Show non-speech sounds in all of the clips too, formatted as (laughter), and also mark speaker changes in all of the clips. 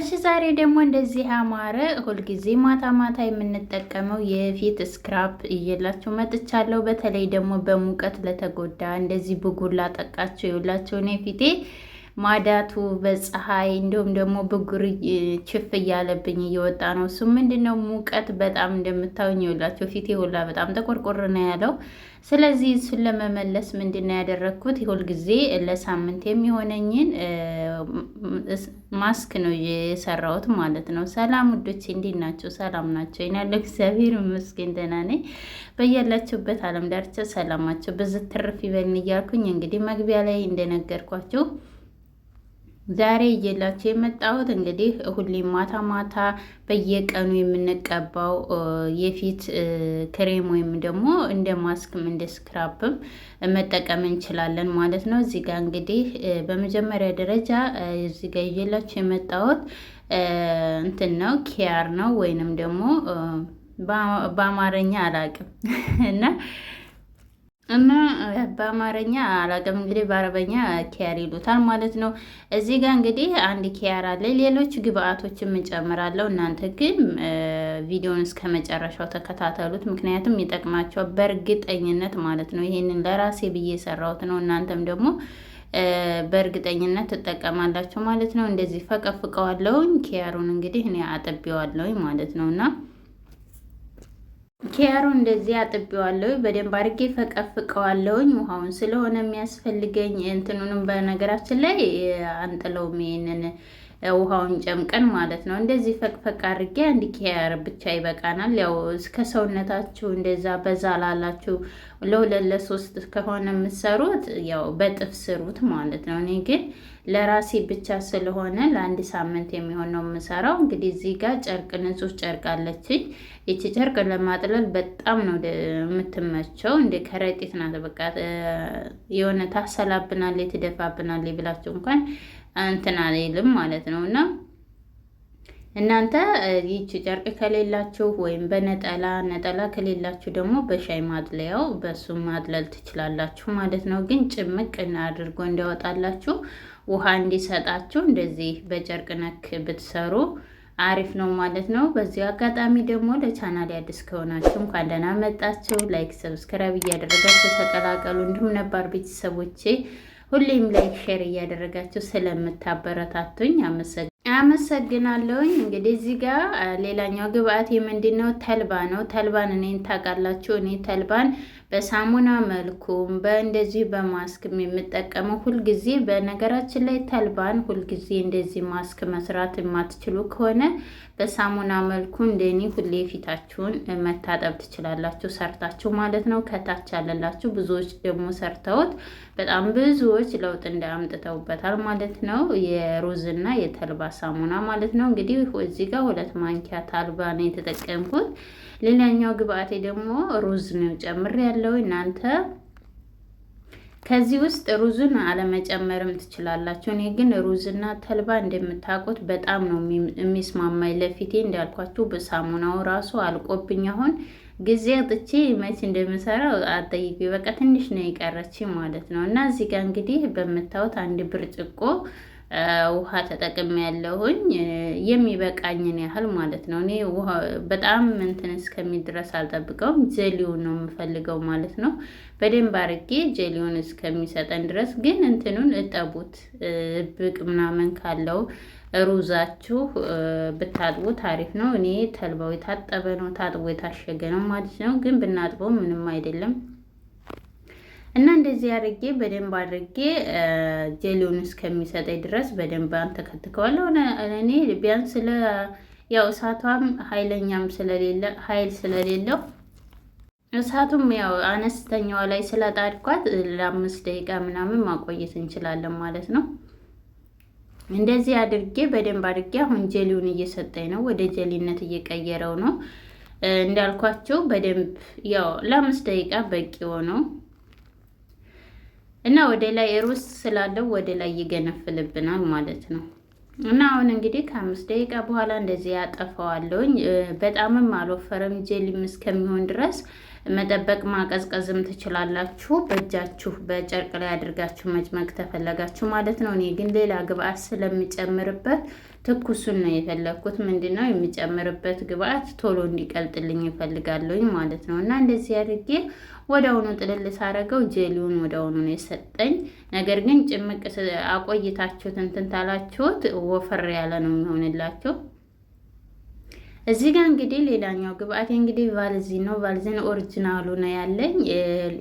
Speaker 1: እሺ ዛሬ ደግሞ እንደዚህ ያማረ ሁልጊዜ ማታ ማታ የምንጠቀመው የፊት ስክራፕ እየላችሁ መጥቻለሁ። በተለይ ደግሞ በሙቀት ለተጎዳ እንደዚህ ብጉር ላጠቃችሁ የውላቸውን የፊቴ ማዳቱ በፀሐይ እንዲሁም ደግሞ ብጉር ችፍ እያለብኝ እየወጣ ነው። እሱ ምንድን ነው ሙቀት በጣም እንደምታውኝ ይውላቸው ፊቴ ሁላ በጣም ተቆርቆር ነው ያለው። ስለዚህ እሱን ለመመለስ ምንድን ነው ያደረግኩት? ሁልጊዜ ለሳምንት የሚሆነኝን ማስክ ነው የሰራሁት ማለት ነው። ሰላም ውዶች እንዴት ናቸው? ሰላም ናቸው ይናለ እግዚአብሔር ይመስገን ደህና ነኝ። በያላችሁበት አለም ዳርቻ ሰላማቸው ብዝት ይበልን እያልኩኝ እንግዲህ መግቢያ ላይ እንደነገርኳቸው ዛሬ እየላችሁ የመጣሁት እንግዲህ ሁሌም ማታ ማታ በየቀኑ የምንቀባው የፊት ክሬም ወይም ደግሞ እንደ ማስክም እንደ ስክራፕም መጠቀም እንችላለን ማለት ነው። እዚህ ጋር እንግዲህ በመጀመሪያ ደረጃ እዚህ ጋር እየላችሁ የመጣሁት እንትን ነው፣ ኪያር ነው ወይንም ደግሞ በአማርኛ አላቅም (laughs) እና እና በአማርኛ አላቅም እንግዲህ በአረበኛ ኪያር ይሉታል ማለት ነው። እዚህ ጋር እንግዲህ አንድ ኪያር አለ። ሌሎች ግብአቶችም እንጨምራለሁ። እናንተ ግን ቪዲዮን እስከ መጨረሻው ተከታተሉት፣ ምክንያቱም ይጠቅማቸዋል በእርግጠኝነት ማለት ነው። ይሄንን ለራሴ ብዬ የሰራሁት ነው። እናንተም ደግሞ በእርግጠኝነት ትጠቀማላቸው ማለት ነው። እንደዚህ ፈቀፍቀዋለሁኝ። ኪያሩን እንግዲህ እኔ አጥቤዋለሁኝ ማለት ነው እና ኪያሩ እንደዚህ አጥቤዋለሁ፣ በደንብ አድርጌ ፈቀፍቀዋለሁኝ። ውሃውን ስለሆነ የሚያስፈልገኝ እንትኑንም በነገራችን ላይ አንጥለውም ይሄንን ውሃውን ጨምቀን ማለት ነው። እንደዚህ ፈቅፈቅ አድርጌ አንድ ኪያር ብቻ ይበቃናል። ያው እስከ ሰውነታችሁ እንደዛ በዛ ላላችሁ ለሁለት ለሶስት ከሆነ የምትሰሩት ያው በጥፍ ስሩት ማለት ነው። እኔ ግን ለራሴ ብቻ ስለሆነ ለአንድ ሳምንት የሚሆን ነው የምሰራው። እንግዲህ እዚህ ጋር ጨርቅ ንጹህ ጨርቅ አለችኝ። ይቺ ጨርቅ ለማጥለል በጣም ነው የምትመቸው። እንደ ከረጢት ናት። በቃ የሆነ ታሰላብናል፣ ትደፋብናለች ብላችሁ እንኳን እንትን አይልም ማለት ነው እና እናንተ ይቺ ጨርቅ ከሌላችሁ ወይም በነጠላ ነጠላ ከሌላችሁ ደግሞ በሻይ ማጥለያው በሱ ማጥለል ትችላላችሁ ማለት ነው። ግን ጭምቅ አድርጎ እንዲያወጣላችሁ ውሃ እንዲሰጣችሁ እንደዚህ በጨርቅ ነክ ብትሰሩ አሪፍ ነው ማለት ነው። በዚህ አጋጣሚ ደግሞ ለቻናል አዲስ ከሆናችሁ እንኳን ደህና መጣችሁ። ላይክ፣ ሰብስክራይብ እያደረጋችሁ ተቀላቀሉ። እንዲሁም ነባር ቤተሰቦቼ ሁሌም ላይክ ሼር እያደረጋችሁ ስለምታበረታቱኝ አመሰግናለሁኝ። እንግዲህ እዚህ ጋር ሌላኛው ግብአት የምንድን ነው? ተልባ ነው። ተልባን እኔን ታውቃላችሁ። እኔ ተልባን በሳሙና መልኩም በእንደዚህ በማስክም የምጠቀመው ሁልጊዜ። በነገራችን ላይ ተልባን ሁልጊዜ እንደዚህ ማስክ መስራት የማትችሉ ከሆነ በሳሙና መልኩ እንደኔ ሁሌ ፊታችሁን መታጠብ ትችላላችሁ፣ ሰርታችሁ ማለት ነው። ከታች ያለላችሁ ብዙዎች ደግሞ ሰርተውት በጣም ብዙዎች ለውጥ እንዳያምጥተውበታል ማለት ነው። የሩዝና የተልባ ሳሙና ማለት ነው። እንግዲህ እዚህ ጋር ሁለት ማንኪያ ተልባ ነው የተጠቀምኩት። ሌላኛው ግብአቴ ደግሞ ሩዝ ነው ጨምሬያለሁ። እላለሁ። እናንተ ከዚህ ውስጥ ሩዝን አለመጨመርም ትችላላችሁ። እኔ ግን ሩዝና ተልባ እንደምታውቁት በጣም ነው የሚስማማኝ። ለፊቴ እንዳልኳችሁ በሳሙናው ራሱ አልቆብኝ አሁን ጊዜ አጥቼ መቼ እንደምሰራው አጠይቂ። በቃ ትንሽ ነው የቀረች ማለት ነው እና እዚህ ጋር እንግዲህ በምታዩት አንድ ብርጭቆ ውሃ ተጠቅም ያለሁኝ የሚበቃኝን ያህል ማለት ነው። እኔ ውሃ በጣም እንትን እስከሚድረስ አልጠብቀውም። ጀሊውን ነው የምፈልገው ማለት ነው። በደንብ አርጌ ጀሊውን እስከሚሰጠን ድረስ ግን እንትኑን እጠቡት። ብቅ ምናምን ካለው ሩዛችሁ ብታጥቡት አሪፍ ነው። እኔ ተልባው የታጠበ ነው ታጥቦ የታሸገ ነው ማለት ነው። ግን ብናጥበው ምንም አይደለም። እና እንደዚህ አድርጌ በደንብ አድርጌ ጀሊውን እስከሚሰጠኝ ድረስ በደንብ አንተከትከዋለሁ። እኔ ቢያንስ ስለ ያው እሳቷም ኃይለኛም ስለሌለ ኃይል ስለሌለው እሳቱም ያው አነስተኛዋ ላይ ስለጣድኳት ለአምስት ደቂቃ ምናምን ማቆየት እንችላለን ማለት ነው። እንደዚህ አድርጌ በደንብ አድርጌ አሁን ጀሊውን እየሰጠኝ ነው፣ ወደ ጀሊነት እየቀየረው ነው። እንዳልኳቸው በደንብ ያው ለአምስት ደቂቃ በቂ ሆነው እና ወደ ላይ ሩዝ ስላለው ወደ ላይ ይገነፍልብናል ማለት ነው። እና አሁን እንግዲህ ከአምስት ደቂቃ በኋላ እንደዚህ ያጠፋዋለሁኝ። በጣምም አልወፈረም ጀሊም እስከሚሆን ድረስ መጠበቅ ማቀዝቀዝም ትችላላችሁ። በእጃችሁ በጨርቅ ላይ አድርጋችሁ መጭመቅ ተፈለጋችሁ ማለት ነው። እኔ ግን ሌላ ግብአት ስለሚጨምርበት ትኩሱን ነው የፈለግኩት። ምንድን ነው የሚጨምርበት ግብአት ቶሎ እንዲቀልጥልኝ ይፈልጋለኝ ማለት ነው። እና እንደዚህ አድርጌ ወደውኑ ጥልል ሳረገው ጄሊውን ወደውኑ ነው የሰጠኝ። ነገር ግን ጭምቅ አቆይታችሁት እንትን ታላችሁት ወፈር ያለ ነው የሚሆንላችሁ። እዚህ ጋር እንግዲህ ሌላኛው ግብአቴ እንግዲህ ቫልዚን ነው። ቫልዚን ኦሪጂናሉ ነው ያለኝ።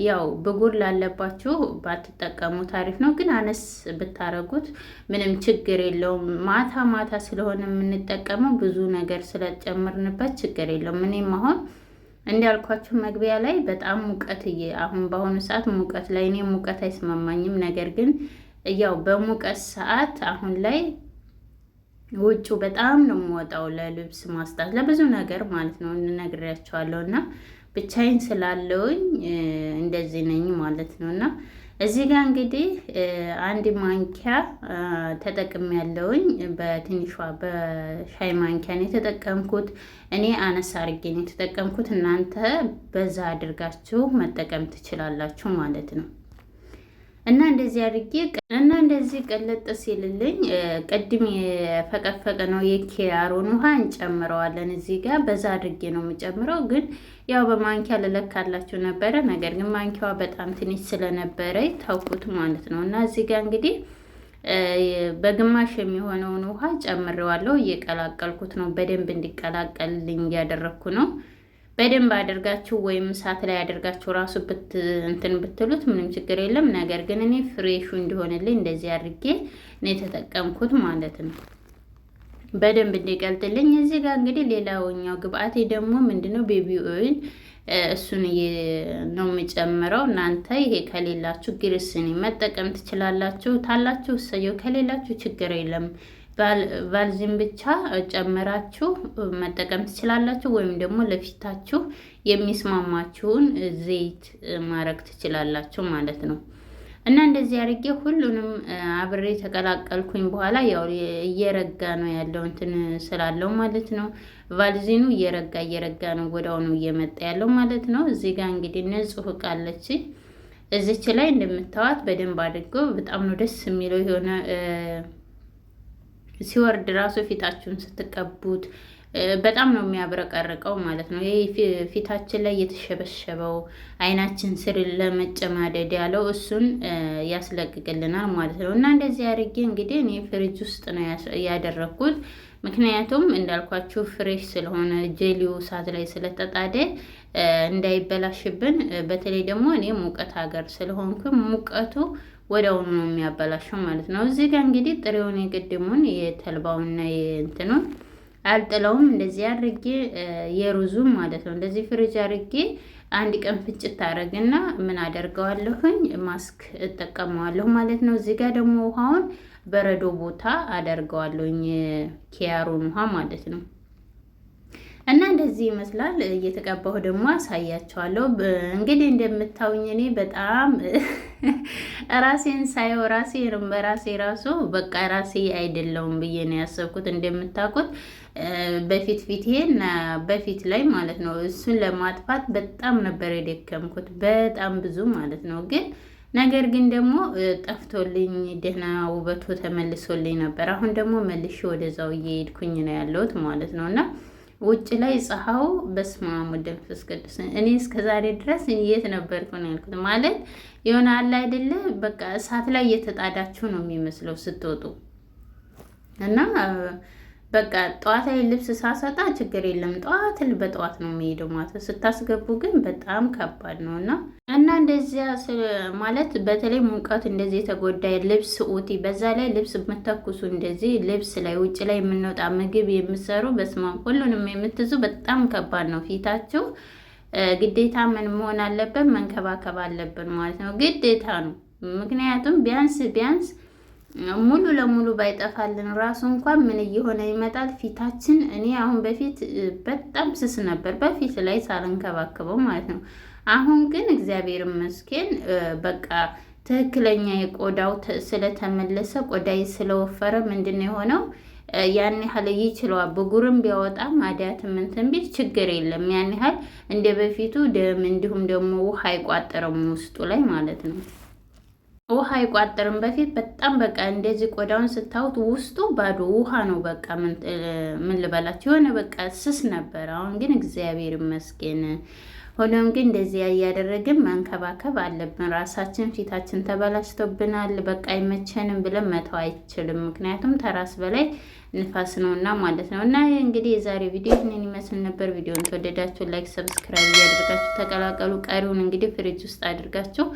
Speaker 1: ያው ብጉር ላለባችሁ ባትጠቀሙት አሪፍ ነው፣ ግን አነስ ብታረጉት ምንም ችግር የለውም። ማታ ማታ ስለሆነ የምንጠቀመው ብዙ ነገር ስለጨምርንበት ችግር የለውም። እኔም አሁን እንዳልኳችሁ መግቢያ ላይ በጣም ሙቀት አሁን በአሁኑ ሰዓት ሙቀት ላይ እኔ ሙቀት አይስማማኝም። ነገር ግን ያው በሙቀት ሰዓት አሁን ላይ ውጩ በጣም ነው የምወጣው ለልብስ ማስጣት ለብዙ ነገር ማለት ነው እነግራቸዋለሁ። እና ብቻዬን ስላለውኝ እንደዚህ ነኝ ማለት ነው። እና እዚህ ጋር እንግዲህ አንድ ማንኪያ ተጠቅም ያለውኝ በትንሿ በሻይ ማንኪያ ነው የተጠቀምኩት። እኔ አነስ አድርጌ ነው የተጠቀምኩት። እናንተ በዛ አድርጋችሁ መጠቀም ትችላላችሁ ማለት ነው። እና እንደዚህ አድርጌ እና እንደዚህ ቀለጥ ሲልልኝ ቅድም የፈቀፈቀ ነው የኪያሮን ውሃ እንጨምረዋለን። እዚህ ጋር በዛ አድርጌ ነው የምጨምረው፣ ግን ያው በማንኪያ ልለካላችሁ ነበረ። ነገር ግን ማንኪያዋ በጣም ትንሽ ስለነበረ ታውቁት ማለት ነው። እና እዚህ ጋር እንግዲህ በግማሽ የሚሆነውን ውሃ ጨምረዋለሁ። እየቀላቀልኩት ነው፣ በደንብ እንዲቀላቀልልኝ እያደረግኩ ነው። በደንብ አድርጋችሁ ወይም እሳት ላይ አድርጋችሁ ራሱ እንትን ብትሉት ምንም ችግር የለም። ነገር ግን እኔ ፍሬሹ እንዲሆንልኝ እንደዚህ አድርጌ ነው የተጠቀምኩት ማለት ነው። በደንብ እንዲቀልጥልኝ። እዚህ ጋር እንግዲህ ሌላውኛው ግብአቴ ደግሞ ምንድነው ቤቢ ኦይል እሱን ነው የምጨምረው። እናንተ ይሄ ከሌላችሁ ግሪስኒ መጠቀም ትችላላችሁ ታላችሁ። እሰየው ከሌላችሁ ችግር የለም። ቫልዚን ብቻ ጨምራችሁ መጠቀም ትችላላችሁ። ወይም ደግሞ ለፊታችሁ የሚስማማችሁን ዘይት ማድረግ ትችላላችሁ ማለት ነው። እና እንደዚህ አድርጌ ሁሉንም አብሬ ተቀላቀልኩኝ። በኋላ ያው እየረጋ ነው ያለው እንትን ስላለው ማለት ነው። ቫልዚኑ እየረጋ እየረጋ ነው ወዳውኑ እየመጣ ያለው ማለት ነው። እዚህ ጋር እንግዲህ ንጹህ እቃለች እዚች ላይ እንደምታዋት በደንብ አድርገው በጣም ነው ደስ የሚለው የሆነ ሲወርድ ራሱ ፊታችሁን ስትቀቡት በጣም ነው የሚያብረቀርቀው ማለት ነው። ይህ ፊታችን ላይ የተሸበሸበው አይናችን ስር ለመጨማደድ ያለው እሱን ያስለቅቅልናል ማለት ነው። እና እንደዚህ አድርጌ እንግዲህ እኔ ፍሪጅ ውስጥ ነው ያደረግኩት። ምክንያቱም እንዳልኳችሁ ፍሬሽ ስለሆነ ጄሊው እሳት ላይ ስለተጣደ እንዳይበላሽብን፣ በተለይ ደግሞ እኔ ሙቀት ሀገር ስለሆንኩ ሙቀቱ ወደውኑ ነው የሚያበላሸው ማለት ነው። እዚህ ጋር እንግዲህ ጥሬውን የቅድሙን የተልባውና የእንትኑን አልጥለውም እንደዚህ አድርጌ የሩዙም ማለት ነው። እንደዚህ ፍሪጅ አድርጌ አንድ ቀን ፍጭት አደረግና ምን አደርገዋለሁኝ ማስክ እጠቀመዋለሁ ማለት ነው። እዚህ ጋር ደግሞ ውሃውን በረዶ ቦታ አደርገዋለሁኝ ኪያሩን ውሃ ማለት ነው። እና እንደዚህ ይመስላል። እየተቀባሁ ደግሞ አሳያቸዋለሁ። እንግዲህ እንደምታውኝ እኔ በጣም ራሴን ሳየው ራሴ በራሴ ራሱ በቃ ራሴ አይደለውም ብዬ ነው ያሰብኩት። እንደምታውቁት በፊት ፊቴና በፊት ላይ ማለት ነው እሱን ለማጥፋት በጣም ነበር የደከምኩት፣ በጣም ብዙ ማለት ነው። ግን ነገር ግን ደግሞ ጠፍቶልኝ ደህና ውበቱ ተመልሶልኝ ነበር። አሁን ደግሞ መልሼ ወደዛው እየሄድኩኝ ነው ያለሁት ማለት ነው እና ውጭ ላይ ፀሐው በስመ አብ ቅዱስ። እኔ እስከ ዛሬ ድረስ የት ነበርኩ ነው ያልኩት። ማለት የሆነ አለ አይደለ፣ በቃ እሳት ላይ እየተጣዳችሁ ነው የሚመስለው ስትወጡ እና በቃ ጠዋት ላይ ልብስ ሳሰጣ ችግር የለም ጠዋት በጠዋት ነው የሚሄደው ማለት ነው። ስታስገቡ ግን በጣም ከባድ ነው እና እና እንደዚያ ማለት በተለይ ሙቀት እንደዚህ የተጎዳ ልብስ ኡቲ፣ በዛ ላይ ልብስ የምተኩሱ እንደዚህ ልብስ ላይ ውጭ ላይ የምንወጣ ምግብ የምሰሩ በስማ ሁሉንም የምትዙ በጣም ከባድ ነው። ፊታቸው ግዴታ ምን መሆን አለብን መንከባከብ አለብን ማለት ነው። ግዴታ ነው። ምክንያቱም ቢያንስ ቢያንስ ሙሉ ለሙሉ ባይጠፋልን ራሱ እንኳን ምን እየሆነ ይመጣል ፊታችን። እኔ አሁን በፊት በጣም ስስ ነበር፣ በፊት ላይ ሳልንከባከበው ማለት ነው። አሁን ግን እግዚአብሔር ይመስገን በቃ ትክክለኛ የቆዳው ስለተመለሰ ቆዳዬ ስለወፈረ ምንድን የሆነው ያን ያህል ይችለዋል። ብጉርም ቢያወጣ ማዲያት እንትን ቢል ችግር የለም። ያን ያህል እንደ በፊቱ ደም እንዲሁም ደግሞ ውሃ አይቋጠረም ውስጡ ላይ ማለት ነው። ውሃ አይቋጥርም በፊት በጣም በቃ እንደዚህ ቆዳውን ስታዩት ውስጡ ባዶ ውሃ ነው። በቃ ምን ልበላችሁ የሆነ በቃ ስስ ነበር። አሁን ግን እግዚአብሔር ይመስገን። ሆኖም ግን እንደዚህ እያደረግን መንከባከብ አለብን ራሳችን። ፊታችን ተበላሽቶብናል፣ በቃ አይመቸንም ብለን መተው አይችልም። ምክንያቱም ተራስ በላይ ንፋስ ነውና ማለት ነው። እና እንግዲህ የዛሬ ቪዲዮ ይህንን ይመስል ነበር። ቪዲዮን ተወደዳችሁ ላይክ፣ ሰብስክራይብ እያደርጋችሁ ተቀላቀሉ። ቀሪውን እንግዲህ ፍሪጅ ውስጥ አድርጋችሁ